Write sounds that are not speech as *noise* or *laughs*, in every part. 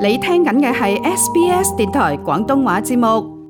你聽緊嘅係 SBS 電台廣東話節目。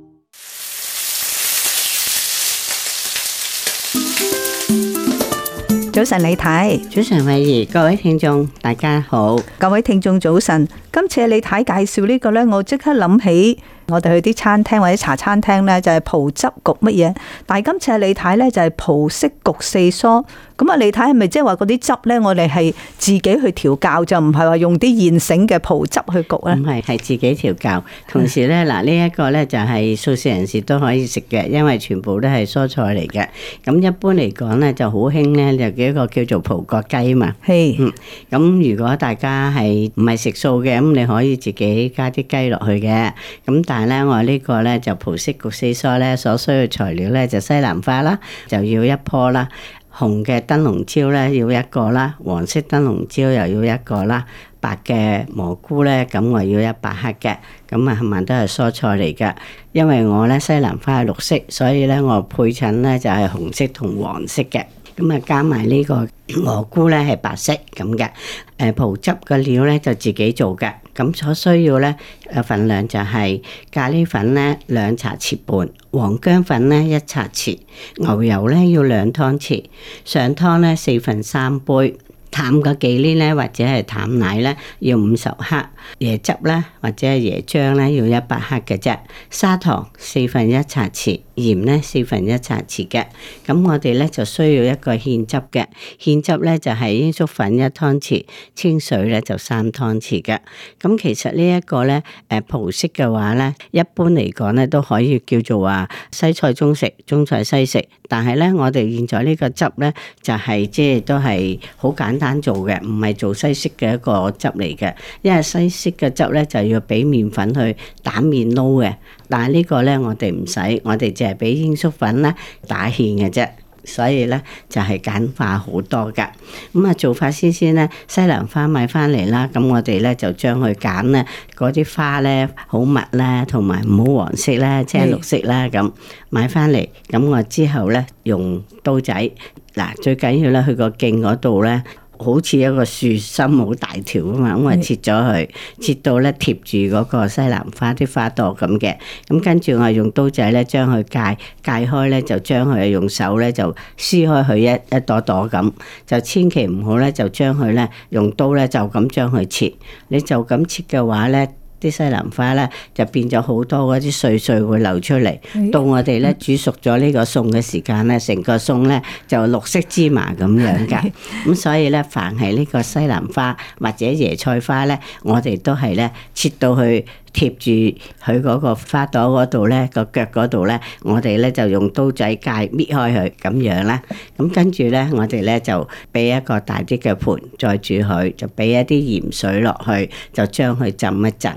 早晨，李太，早晨，偉儀，各位聽眾，大家好，各位聽眾，早晨。今次李太介紹呢個咧，我即刻諗起。我哋去啲餐廳或者茶餐廳呢，就係葡汁焗乜嘢。但係今次李太呢，就係葡式焗四蔬。咁啊，李太係咪即係話嗰啲汁呢？我哋係自己去調教，就唔係話用啲現成嘅葡汁去焗咧？唔係，係自己調教。同時呢，嗱呢一個呢，就係素食人士都可以食嘅，因為全部都係蔬菜嚟嘅。咁一般嚟講呢，就好興咧，有幾個叫做葡國雞嘛。係是。咁、嗯、如果大家係唔係食素嘅，咁你可以自己加啲雞落去嘅。咁。但係咧，我呢個咧就葡式焗西蔬咧，所需要的材料咧就西蘭花啦，就要一棵，啦紅嘅燈籠椒咧要一個啦，黃色燈籠椒又要一個啦，白嘅蘑菇咧，咁我要一百克嘅。咁啊冚唪唥都係蔬菜嚟嘅，因為我咧西蘭花係綠色，所以咧我配襯咧就係、是、紅色同黃色嘅。咁啊，加埋呢、這個蘑菇咧，係白色咁嘅。誒，葡汁嘅料咧就自己做嘅。咁所需要咧誒份量就係、是、咖喱粉咧兩茶匙半，黃薑粉咧一茶匙，牛油咧要兩湯匙，上湯咧四分三杯，淡嘅忌廉咧或者係淡奶咧要五十克，椰汁咧或者係椰漿咧要一百克嘅啫，砂糖四分一茶匙。鹽咧四分一茶匙嘅，咁我哋咧就需要一個芡汁嘅，芡汁咧就係鷹粟粉一湯匙，清水咧就三湯匙嘅。咁其實呢一個咧，誒葡式嘅話咧，一般嚟講咧都可以叫做話西菜中食，中菜西食。但係咧，我哋現在呢個汁咧就係即係都係好簡單做嘅，唔係做西式嘅一個汁嚟嘅。因為西式嘅汁咧就要俾麵粉去打麵撈嘅。但係呢個咧，我哋唔使，我哋淨係俾鷹粟粉咧打芡嘅啫，所以咧就係簡化好多噶。咁啊，做法先先咧，西蘭花買翻嚟啦，咁我哋咧就將佢揀咧嗰啲花咧好密啦，同埋唔好黃色啦，即係綠色啦咁買翻嚟，咁我之後咧用刀仔嗱，最緊要咧去個莖嗰度咧。好似一個樹心好大條啊嘛，我係切咗佢，切到咧貼住嗰個西蘭花啲花朵咁嘅，咁跟住我用刀仔咧將佢界界開咧，就將佢用手咧就撕開佢一一朵朵咁，就千祈唔好咧就將佢咧用刀咧就咁將佢切，你就咁切嘅話咧。啲西蘭花咧就變咗好多嗰啲碎碎會流出嚟，哎、呀到我哋咧煮熟咗呢個餸嘅時間咧，成、嗯、個餸咧就綠色芝麻咁樣噶，咁、 *laughs* 嗯、所以咧，凡係呢個西蘭花或者椰菜花咧，我哋都係咧切到去。貼住佢嗰個花朵嗰度咧，個腳嗰度咧，我哋咧就用刀仔戒搣開佢咁樣啦。咁跟住咧，我哋咧就俾一個大啲嘅盤再煮佢，就俾一啲鹽水落去，就將佢浸一陣。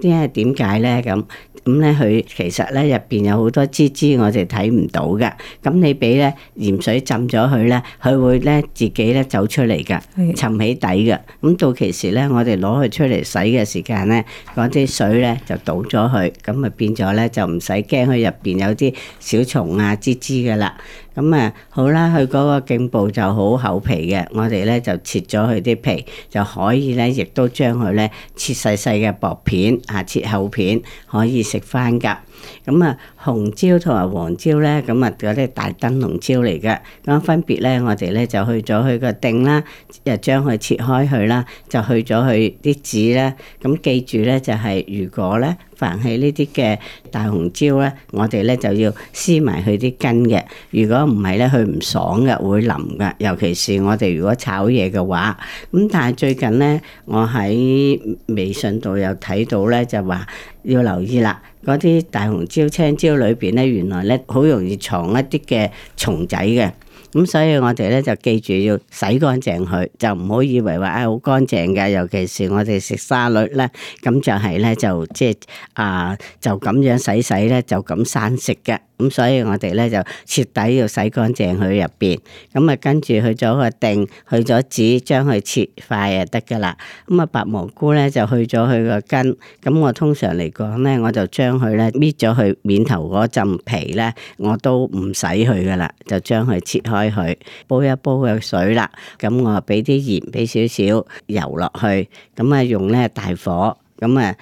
啲係點解咧？咁。咁咧，佢其實咧入邊有好多黐黐，我哋睇唔到嘅。咁你俾咧鹽水浸咗佢咧，佢會咧自己咧走出嚟噶，沉起底嘅。咁到其時咧，我哋攞佢出嚟洗嘅時間咧，嗰啲水咧就倒咗佢，咁咪變咗咧就唔使驚佢入邊有啲小蟲啊、黐黐噶啦。咁啊、嗯，好啦，佢嗰個莖部就好厚皮嘅，我哋咧就切咗佢啲皮，就可以咧亦都將佢咧切細細嘅薄片啊，切厚片可以食返㗎。咁啊，紅椒同埋黃椒咧，咁啊嗰啲大燈籠椒嚟嘅。咁分別咧，我哋咧就去咗佢個頂啦，又將佢切開去啦，就去咗佢啲籽啦。咁記住咧，就係、是、如果咧，凡係呢啲嘅大紅椒咧，我哋咧就要撕埋佢啲根嘅。如果唔係咧，佢唔爽嘅，會腍㗎。尤其是我哋如果炒嘢嘅話，咁但係最近咧，我喺微信度有睇到咧，就話要留意啦。嗰啲大紅椒、青椒裏邊咧，原來咧好容易藏一啲嘅蟲仔嘅。咁所以我哋咧就記住要洗乾淨佢，就唔好以為話啊好乾淨嘅，尤其是我哋食沙律咧，咁就係咧就即係啊就咁樣洗洗咧就咁生食嘅。咁所以我哋咧就徹底要洗乾淨佢入邊。咁啊跟住去咗個頂，去咗籽，將佢切塊就得噶啦。咁啊白蘑菇咧就去咗佢個根。咁我通常嚟講咧，我就將佢咧搣咗佢面頭嗰浸皮咧，我都唔洗佢噶啦，就將佢切。開佢煲一煲嘅水啦，咁我啊俾啲鹽，俾少少油落去，咁啊用咧大火，咁啊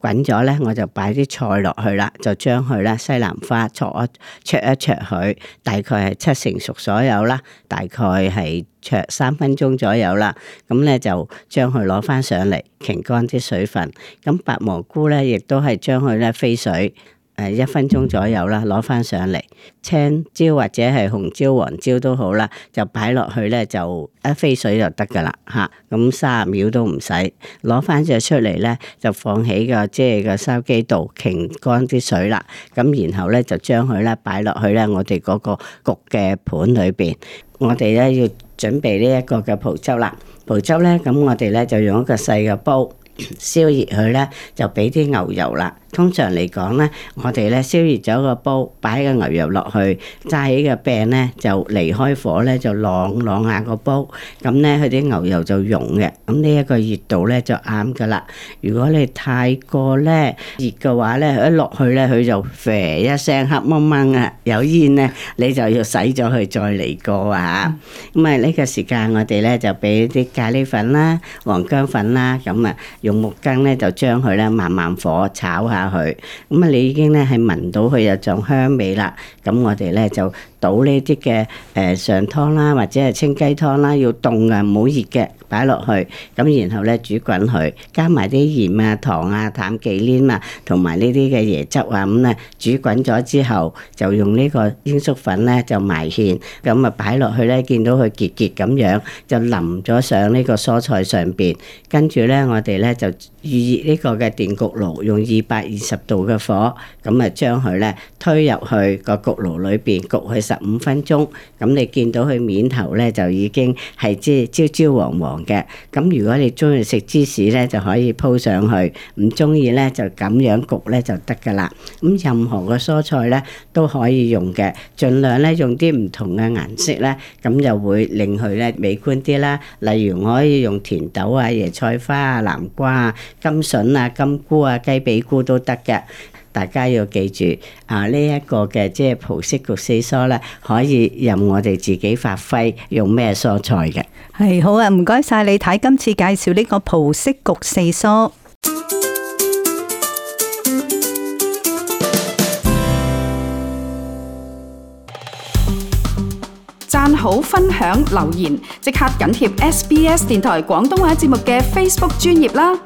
滾咗咧，我就擺啲菜落去啦，就將佢咧西蘭花焯一灼一焯佢，大概係七成熟所有啦，大概係灼三分鐘左右啦，咁咧就將佢攞翻上嚟，擎乾啲水分，咁白蘑菇咧亦都係將佢咧飛水。誒一分鐘左右啦，攞翻上嚟，青椒或者係紅椒、黃椒都好啦，就擺落去咧，就一飛水就得㗎啦，嚇、啊，咁三十秒都唔使，攞翻隻出嚟咧，就放喺個即係個筲箕度，擎乾啲水啦，咁、啊、然後咧就將佢咧擺落去咧我哋嗰個焗嘅盤裏邊，我哋咧要準備呢一個嘅葡汁啦，葡汁咧咁我哋咧就用一個細嘅煲， *coughs* 燒熱佢咧就俾啲牛油啦。通常嚟講咧，我哋咧燒熱咗個煲，擺個牛油落去，揸起個餅咧就離開火咧就晾晾下個煲，咁咧佢啲牛油就溶嘅，咁呢一個熱度咧就啱噶啦。如果你太過咧熱嘅話咧，一落去咧佢就啡一聲黑掹掹啊，有煙咧，你就要洗咗佢再嚟過啊嚇。咁啊呢個時間我哋咧就俾啲咖喱粉啦、黃薑粉啦，咁啊用木羹咧就將佢咧慢慢火炒下。佢，咁啊、嗯，你已經咧係聞到佢有種香味啦，咁我哋咧就倒呢啲嘅誒上湯啦，或者係清雞湯啦，要凍嘅，唔好熱嘅。擺落去，咁然後咧煮滾佢，加埋啲鹽啊、糖啊、淡忌廉啊，同埋呢啲嘅椰汁啊咁啊，煮滾咗之後，就用個呢個鷹粟粉咧就埋芡，咁啊擺落去咧，見到佢結結咁樣，就淋咗上呢個蔬菜上邊，跟住咧我哋咧就預熱呢個嘅電焗爐，用二百二十度嘅火，咁啊將佢咧推入去個焗爐裏邊焗佢十五分鐘，咁你見到佢面頭咧就已經係即係焦焦黃黃。嘅咁，如果你中意食芝士咧，就可以鋪上去；唔中意咧，就咁樣焗咧就得噶啦。咁任何嘅蔬菜咧都可以用嘅，盡量咧用啲唔同嘅顏色咧，咁就會令佢咧美觀啲啦。例如，我可以用甜豆啊、椰菜花啊、南瓜啊、甘笋啊、金菇啊、雞髀菇啊、雞髀菇都得嘅。大家要記住啊，呢一個嘅即係葡式焗四蔬咧，可以任我哋自己發揮用咩蔬菜嘅。係好啊！唔該晒你睇今次介紹呢個葡式焗四蔬，讚好、分享、留言，即刻緊貼 SBS 電台廣東話節目嘅 Facebook 專頁啦。